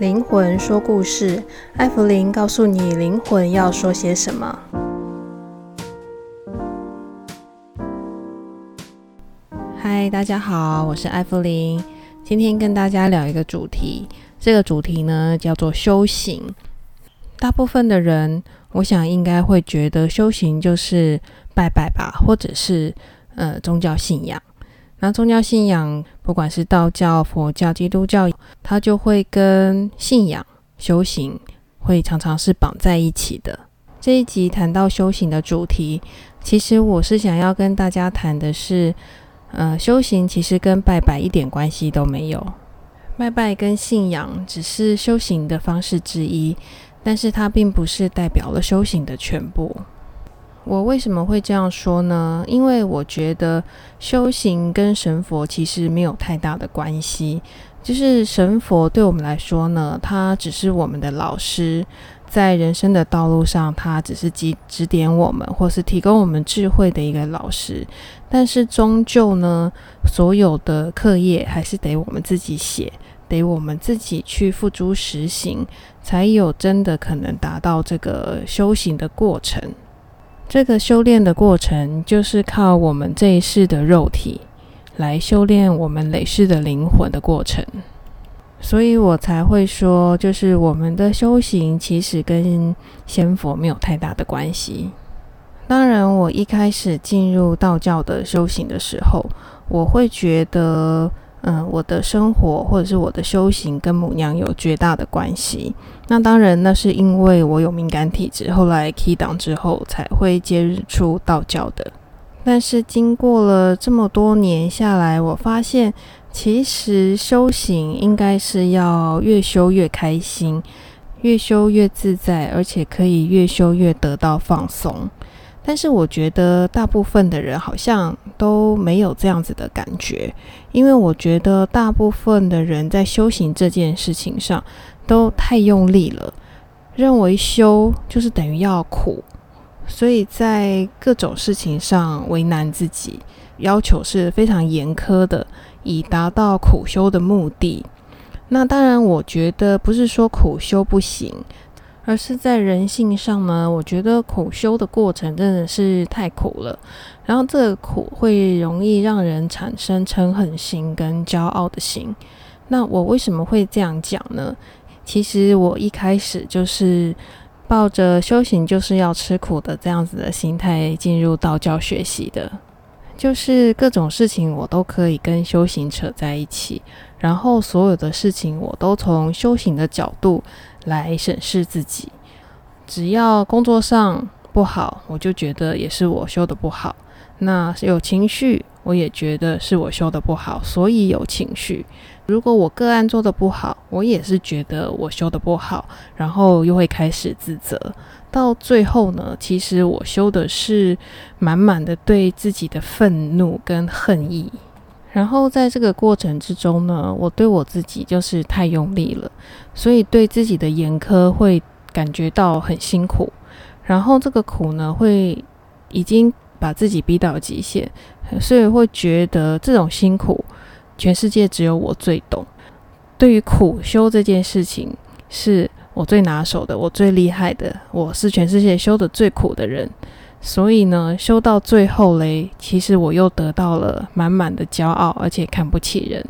靈魂說故事，艾芙靈告訴你靈魂要說些什麼。嗨，大家好，我是艾芙靈，今天跟大家聊一個主題，這個主題呢叫做修行。大部分的人，我想應該會覺得修行就是拜拜吧，或者是呃宗教信仰。那宗教信仰。不管是道教、佛教、基督教，它就會跟信仰、修行會常常是綁在一起的。這一集談到修行的主題，其實我是想要跟大家談的是，呃，修行其實跟拜拜一點關係都沒有。拜拜跟信仰只是修行的方式之一，但是它並不是代表了修行的全部。我為什麼會這樣說呢？因為我覺得修行跟神佛其實沒有太大的關係。就是神佛對我們來說呢，它只是我們的老師，在人生的道路上，它只是指指點我們，或是提供我們智慧的一個老師。但是終究呢，所有的課業還是得我們自己寫，得我們自己去付諸實行，才有真的可能達到這個修行的過程。這個修煉的過程，就是靠我們這一世的肉體來修煉我們累世的靈魂的過程，所以我才會說，就是我們的修行其實跟仙佛沒有太大的關係。當然，我一開始進入道教的修行的時候，我會覺得。嗯，我的生活或者是我的修行跟母娘有絕大的關係。那當然，那是因為我有敏感體質，後來 Key 檔之後才會接觸道教的。但是經過了這麼多年下來，我發現其實修行應該是要越修越開心，越修越自在，而且可以越修越得到放鬆。但是我覺得大部分的人好像都沒有這樣子的感覺，因為我覺得大部分的人在修行這件事情上都太用力了，認為修就是等於要苦，所以在各種事情上為難自己，要求是非常嚴苛的，以達到苦修的目的。那當然，我覺得不是說苦修不行。而是在人性上呢，我覺得苦修的過程真的是太苦了，然後這個苦會容易讓人產生嗔恨心跟驕傲的心。那我為什麼會這樣講呢？其實我一開始就是抱着修行就是要吃苦的這樣子的心態進入道教學習的，就是各種事情我都可以跟修行扯在一起。然後所有的事情我都從修行的角度來審視自己。只要工作上不好，我就覺得也是我修的不好。那有情緒，我也覺得是我修的不好，所以有情緒。如果我個案做得不好，我也是覺得我修的不好，然後又會開始自責。到最後呢，其實我修的是滿滿的對自己的憤怒跟恨意。然後在這個過程之中呢，我對我自己就是太用力了，所以對自己的嚴苛會感覺到很辛苦。然後這個苦呢，會已經把自己逼到極限，所以會覺得這種辛苦，全世界只有我最懂。對於苦修這件事情，是我最拿手的，我最厲害的，我是全世界修的最苦的人。所以呢，修到最後嘞，其實我又得到了滿滿的驕傲，而且看不起人。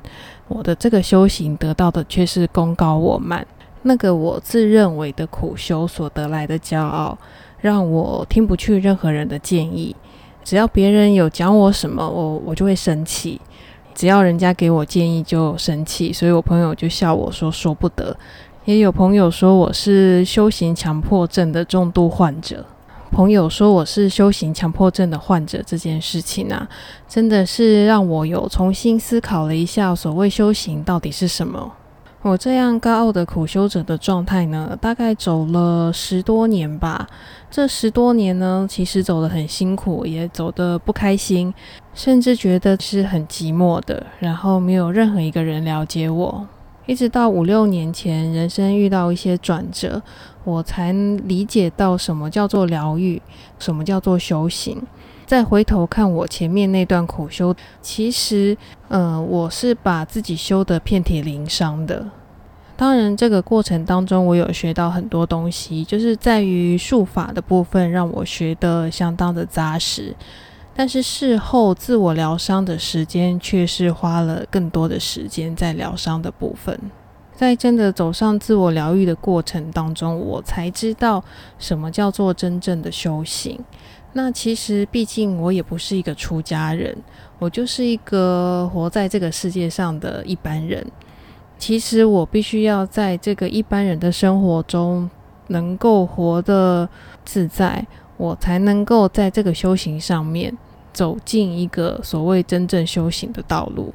我的這個修行得到的卻是貢高我慢。那個我自認為的苦修所得來的驕傲，讓我聽不去任何人的建議。只要別人有講我什麼，我我就會生氣；只要人家給我建議就生氣。所以我朋友就笑我說說不得，也有朋友說我是修行強迫症的重度患者。朋友說我是修行強迫症的患者這件事情啊，真的是讓我有重新思考了一下所謂修行到底是什麼。我這樣高傲的苦修者的狀態呢，大概走了十多年吧。這十多年呢，其實走得很辛苦，也走得不開心，甚至覺得是很寂寞的，然後沒有任何一個人了解我。一直到五六年前，人生遇到一些轉折，我才理解到什麼叫做療癒，什麼叫做修行。再回頭看我前面那段苦修，其實，呃，我是把自己修得遍體鱗傷的。當然，這個過程當中，我有學到很多東西，就是在於術法的部分，讓我學得相當的扎實。但是事後自我療傷的時間，卻是花了更多的時間在療傷的部分。在真的走上自我療癒的過程當中，我才知道什麼叫做真正的修行。那其實，畢竟我也不是一個出家人，我就是一個活在這個世界上的一般人。其實，我必須要在這個一般人的生活中，能夠活得自在。我才能夠在這個修行上面走進一個所謂真正修行的道路。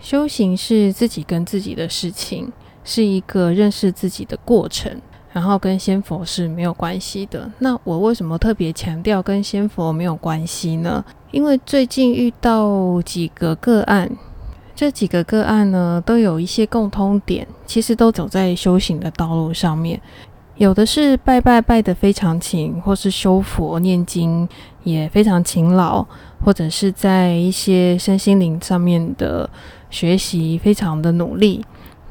修行是自己跟自己的事情，是一個認識自己的過程，然後跟仙佛是沒有關係的。那我為什麼特別強調跟仙佛沒有關係呢？因為最近遇到幾個個案，這幾個個案呢，都有一些共通點，其實都走在修行的道路上面。有的是拜拜拜得非常勤，或是修佛念經也非常勤勞，或者是在一些身心靈上面的學習非常的努力，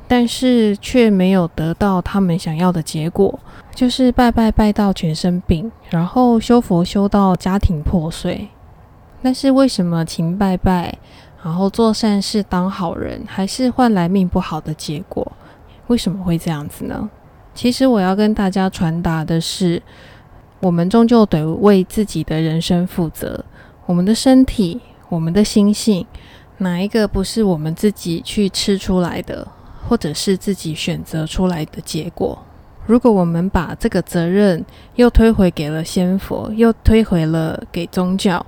但是卻沒有得到他們想要的結果，就是拜拜拜到全身病，然後修佛修到家庭破碎。但是為什麼勤拜拜，然後做善事當好人，還是換來命不好的結果？為什麼會這樣子呢？其實我要跟大家傳達的是，我們終究得為自己的人生負責。我們的身體，我們的心性，哪一個不是我們自己去吃出來的，或者是自己選擇出來的結果？如果我們把這個責任又推回給了仙佛，又推回了給宗教，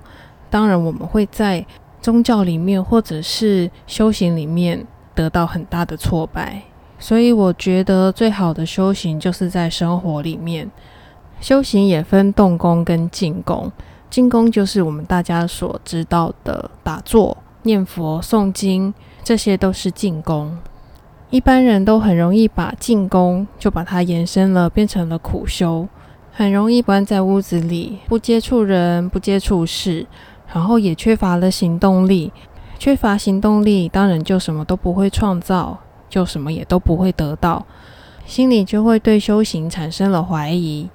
當然我們會在宗教裡面或者是修行裡面得到很大的挫敗。所以我覺得最好的修行就是在生活裡面。修行也分動功跟靜功。靜功就是我們大家所知道的打坐、念佛、誦經，這些都是靜功。一般人都很容易把靜功就把它延伸了，變成了苦修，很容易關在屋子裡，不接觸人，不接觸事，然後也缺乏了行動力。缺乏行動力，當然就什麼都不會創造。就什麼也都不會得到，心裡就會對修行產生了懷疑。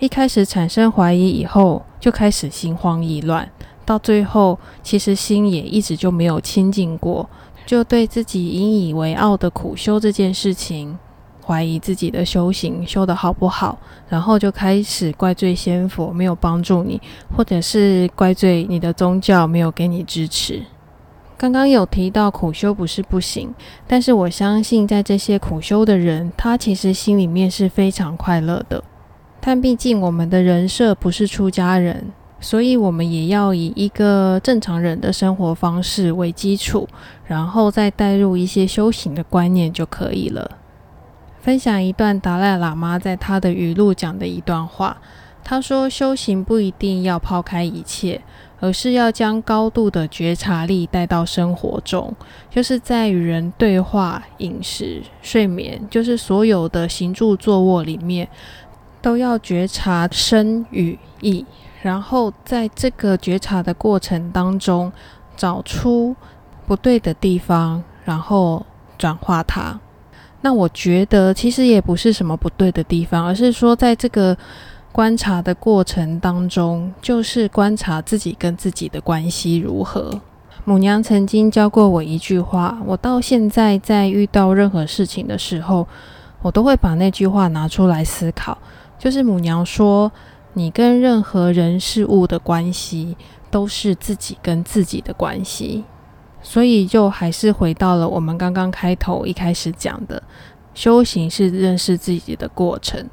一開始產生懷疑以後，就開始心慌意亂，到最後其實心也一直就沒有清淨過，就對自己引以為傲的苦修這件事情懷疑自己的修行修得好不好，然後就開始怪罪仙佛沒有幫助你，或者是怪罪你的宗教沒有給你支持。剛剛有提到苦修不是不行，但是我相信在這些苦修的人，他其實心裡面是非常快樂的。但畢竟我們的人設不是出家人，所以我們也要以一個正常人的生活方式為基礎，然後再帶入一些修行的觀念就可以了。分享一段達賴喇嘛在他的語錄講的一段話，他說：“修行不一定要拋開一切。”而是要將高度的覺察力帶到生活中，就是在與人對話、飲食、睡眠，就是所有的行住坐臥裡面，都要覺察身語意。然後在這個覺察的過程當中，找出不對的地方，然後轉化它。那我覺得其實也不是什麼不對的地方，而是說在這個觀察的過程當中，就是觀察自己跟自己的關係如何。母娘曾經教過我一句話，我到現在在遇到任何事情的時候，我都會把那句話拿出來思考。就是母娘說：“你跟任何人事物的關係，都是自己跟自己的關係。”所以就還是回到了我們剛剛開頭一開始講的，修行是認識自己的過程。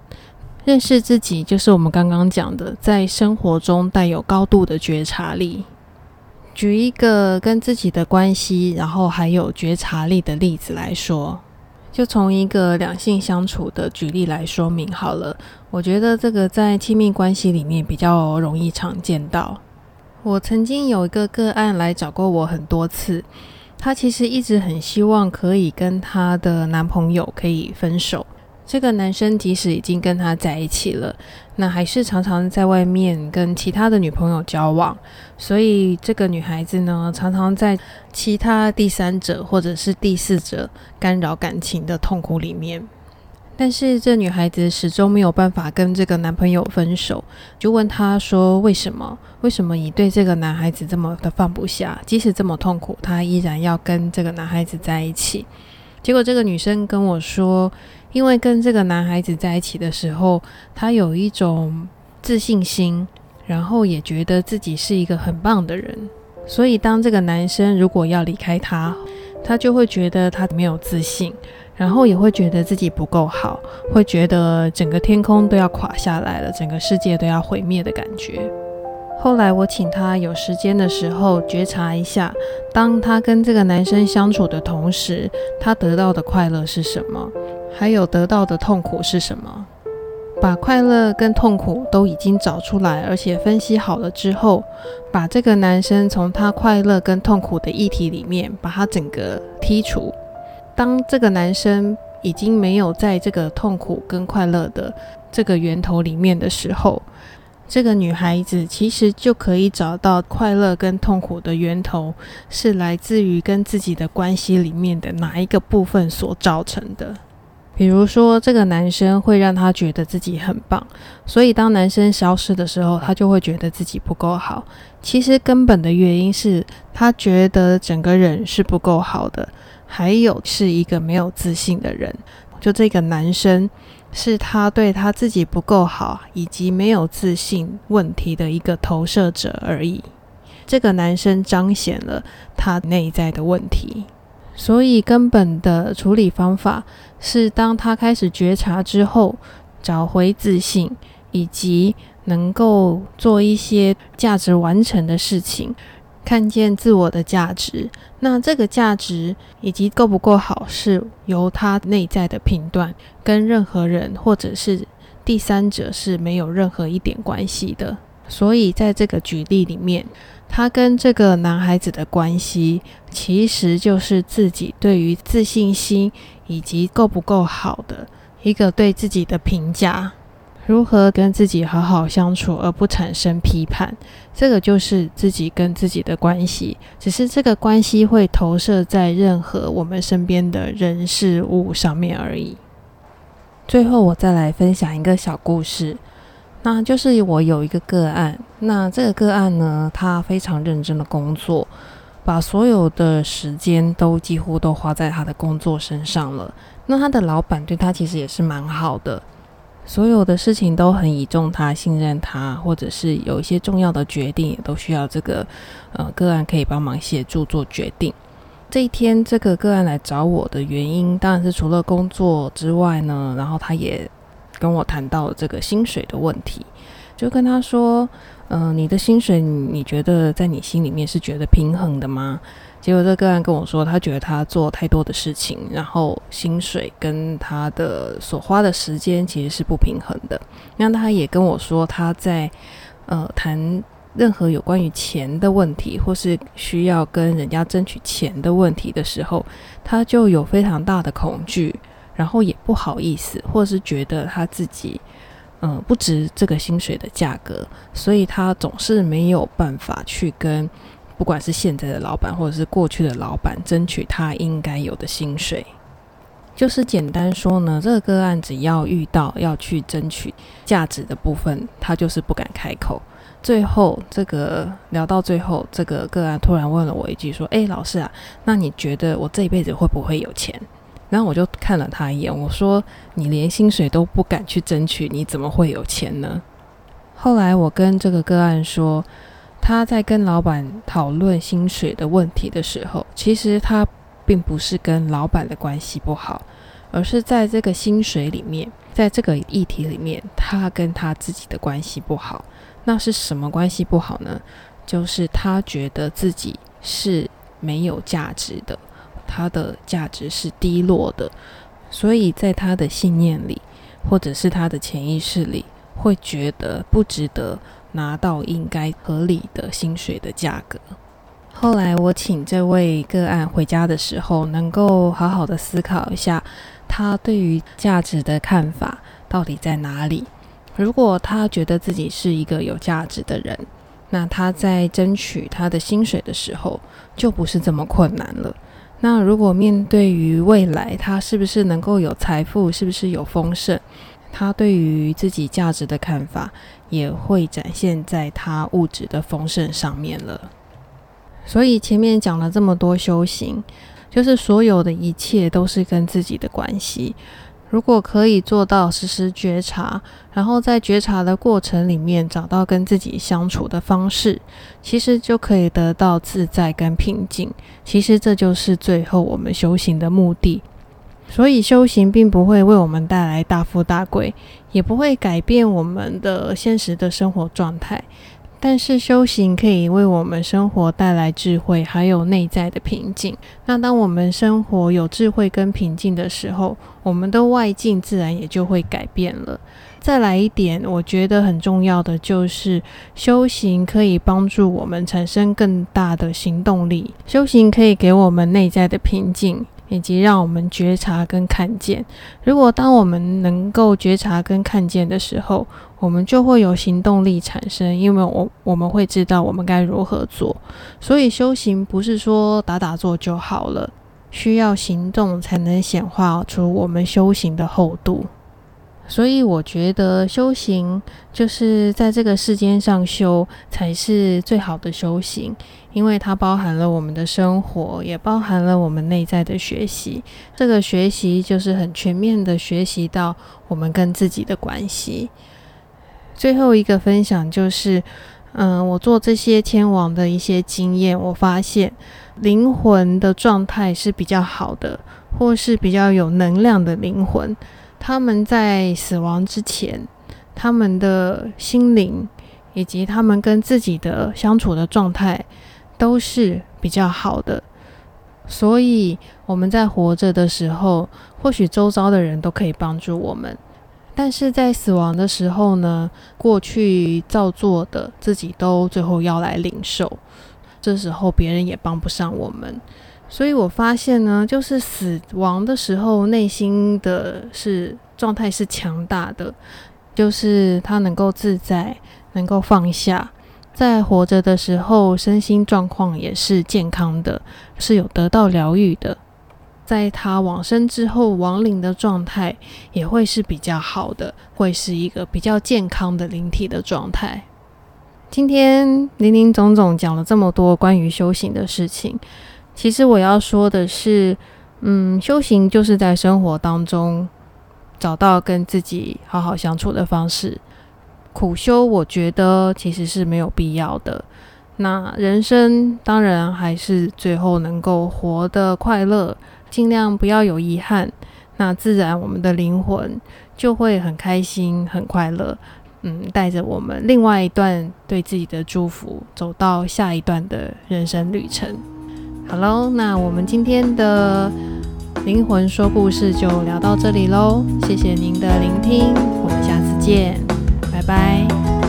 認識自己，就是我們剛剛講的，在生活中帶有高度的覺察力。舉一個跟自己的關係，然後還有覺察力的例子來說，就從一個兩性相處的舉例來說明好了。我覺得這個在親密關係裡面比較容易常見到。我曾經有一個個案來找過我很多次，她其實一直很希望可以跟她的男朋友可以分手。這個男生即使已經跟她在一起了，那還是常常在外面跟其他的女朋友交往，所以這個女孩子呢，常常在其他第三者或者是第四者干擾感情的痛苦裡面。但是這女孩子始終沒有辦法跟這個男朋友分手，就問她說：“為什麼？為什麼你對這個男孩子這麼的放不下？即使這麼痛苦，她依然要跟這個男孩子在一起？”結果這個女生跟我說。因為跟這個男孩子在一起的時候，他有一種自信心，然後也覺得自己是一個很棒的人。所以，當這個男生如果要離開他，他就會覺得他沒有自信，然後也會覺得自己不夠好，會覺得整個天空都要垮下來了，整個世界都要毀滅的感覺。後來，我請他有時間的時候覺察一下，當他跟這個男生相處的同時，他得到的快樂是什麼？還有得到的痛苦是什麼？把快樂跟痛苦都已經找出來，而且分析好了之後，把這個男生從他快樂跟痛苦的議題裡面把他整個剔除。當這個男生已經沒有在這個痛苦跟快樂的這個源頭裡面的時候，這個女孩子其實就可以找到快樂跟痛苦的源頭是來自於跟自己的關係裡面的哪一個部分所造成的。比如說，這個男生會讓他覺得自己很棒，所以當男生消失的時候，他就會覺得自己不夠好。其實根本的原因是他覺得整個人是不夠好的，還有是一個沒有自信的人。就這個男生是他對他自己不夠好以及沒有自信問題的一個投射者而已。這個男生彰顯了他內在的問題。所以根本的處理方法是，當他開始覺察之後，找回自信，以及能夠做一些價值完成的事情，看見自我的價值。那這個價值以及夠不夠好，是由他內在的評斷，跟任何人或者是第三者是沒有任何一點關係的。所以，在這個舉例裡面，他跟這個男孩子的關係，其實就是自己對於自信心以及夠不夠好的一個對自己的評價。如何跟自己好好相處而不產生批判，這個就是自己跟自己的關係。只是這個關係會投射在任何我們身邊的人事物上面而已。最後，我再來分享一個小故事。那就是我有一個個案，那這個個案呢，他非常認真的工作，把所有的時間都幾乎都花在他的工作身上了。那他的老闆對他其實也是蠻好的，所有的事情都很倚重他，信任他，或者是有一些重要的決定也都需要這個呃個案可以幫忙協助做決定。這一天這個個案來找我的原因，當然是除了工作之外呢，然後他也……跟我談到這個薪水的問題，就跟他說：“嗯、呃，你的薪水你，你覺得在你心裡面是覺得平衡的嗎？”結果這個案跟我說，他覺得他做太多的事情，然後薪水跟他的所花的時間其實是不平衡的。那他也跟我說，他在呃談任何有關於錢的問題，或是需要跟人家爭取錢的問題的時候，他就有非常大的恐懼。然後也不好意思，或者是覺得他自己，嗯，不值這個薪水的價格，所以他總是沒有辦法去跟，不管是現在的老板或者是過去的老板，爭取他應該有的薪水。就是簡單說呢，這個個案只要遇到要去爭取價值的部分，他就是不敢開口。最後這個聊到最後，這個個案突然問了我一句說：“誒，老師啊，那你覺得我這一輩子會不會有錢？”然後我就看了他一眼，我說：“你連薪水都不敢去爭取，你怎麼會有錢呢？”後來我跟這個個案說，他在跟老板討論薪水的問題的時候，其實他並不是跟老板的關係不好，而是在這個薪水裡面，在這個議題裡面，他跟他自己的關係不好。那是什麼關係不好呢？就是他覺得自己是沒有價值的。他的價值是低落的，所以在他的信念裡，或者是他的潛意識裡，會覺得不值得拿到應該合理的薪水的價格。後來我請這位個案回家的時候，能夠好好的思考一下，他對於價值的看法到底在哪裡。如果他覺得自己是一個有價值的人，那他在爭取他的薪水的時候，就不是這麼困難了。那如果面對於未來，他是不是能夠有財富，是不是有豐盛，他對於自己價值的看法，也會展現在他物質的豐盛上面了。所以前面講了這麼多修行，就是所有的一切都是跟自己的關係。如果可以做到時時覺察，然後在覺察的過程裡面找到跟自己相處的方式，其實就可以得到自在跟平靜。其實這就是最後我們修行的目的。所以修行並不會為我們帶來大富大貴，也不會改變我們的現實的生活狀態。但是修行可以為我們生活帶來智慧，還有內在的平靜。那當我們生活有智慧跟平靜的時候，我們的外境自然也就會改變了。再來一點，我覺得很重要的就是，修行可以幫助我們產生更大的行動力。修行可以給我們內在的平靜。以及讓我們覺察跟看見。如果當我們能夠覺察跟看見的時候，我們就會有行動力產生，因為我我們會知道我們該如何做。所以修行不是說打打坐就好了，需要行動才能顯化出我們修行的厚度。所以我覺得修行就是在這個世間上修，才是最好的修行，因為它包含了我們的生活，也包含了我們內在的學習。這個學習就是很全面的學習到我們跟自己的關係。最後一個分享就是，嗯，我做這些牽亡的一些經驗，我發現靈魂的狀態是比較好的，或是比較有能量的靈魂。他們在死亡之前，他們的心靈以及他們跟自己的相處的狀態都是比較好的，所以我們在活着的時候，或許周遭的人都可以幫助我們，但是在死亡的時候呢，過去造作的自己都最後要來領受，這時候別人也幫不上我們。所以我發現呢，就是死亡的時候，內心的是狀態是強大的，就是他能夠自在，能夠放下。在活着的時候，身心狀況也是健康的，是有得到療癒的。在他往生之後，亡靈的狀態也會是比較好的，會是一個比較健康的靈體的狀態。今天林林總總講了這麼多關於修行的事情。其實我要說的是，嗯，修行就是在生活當中找到跟自己好好相處的方式。苦修，我覺得其實是沒有必要的。那人生當然還是最後能夠活得快樂，尽量不要有遺憾。那自然我們的靈魂就會很開心、很快樂。嗯，帶着我們另外一段對自己的祝福，走到下一段的人生旅程。好嘍，那我們今天的靈魂說故事就聊到這裡嘍，謝謝您的聆聽，我們下次見，拜拜。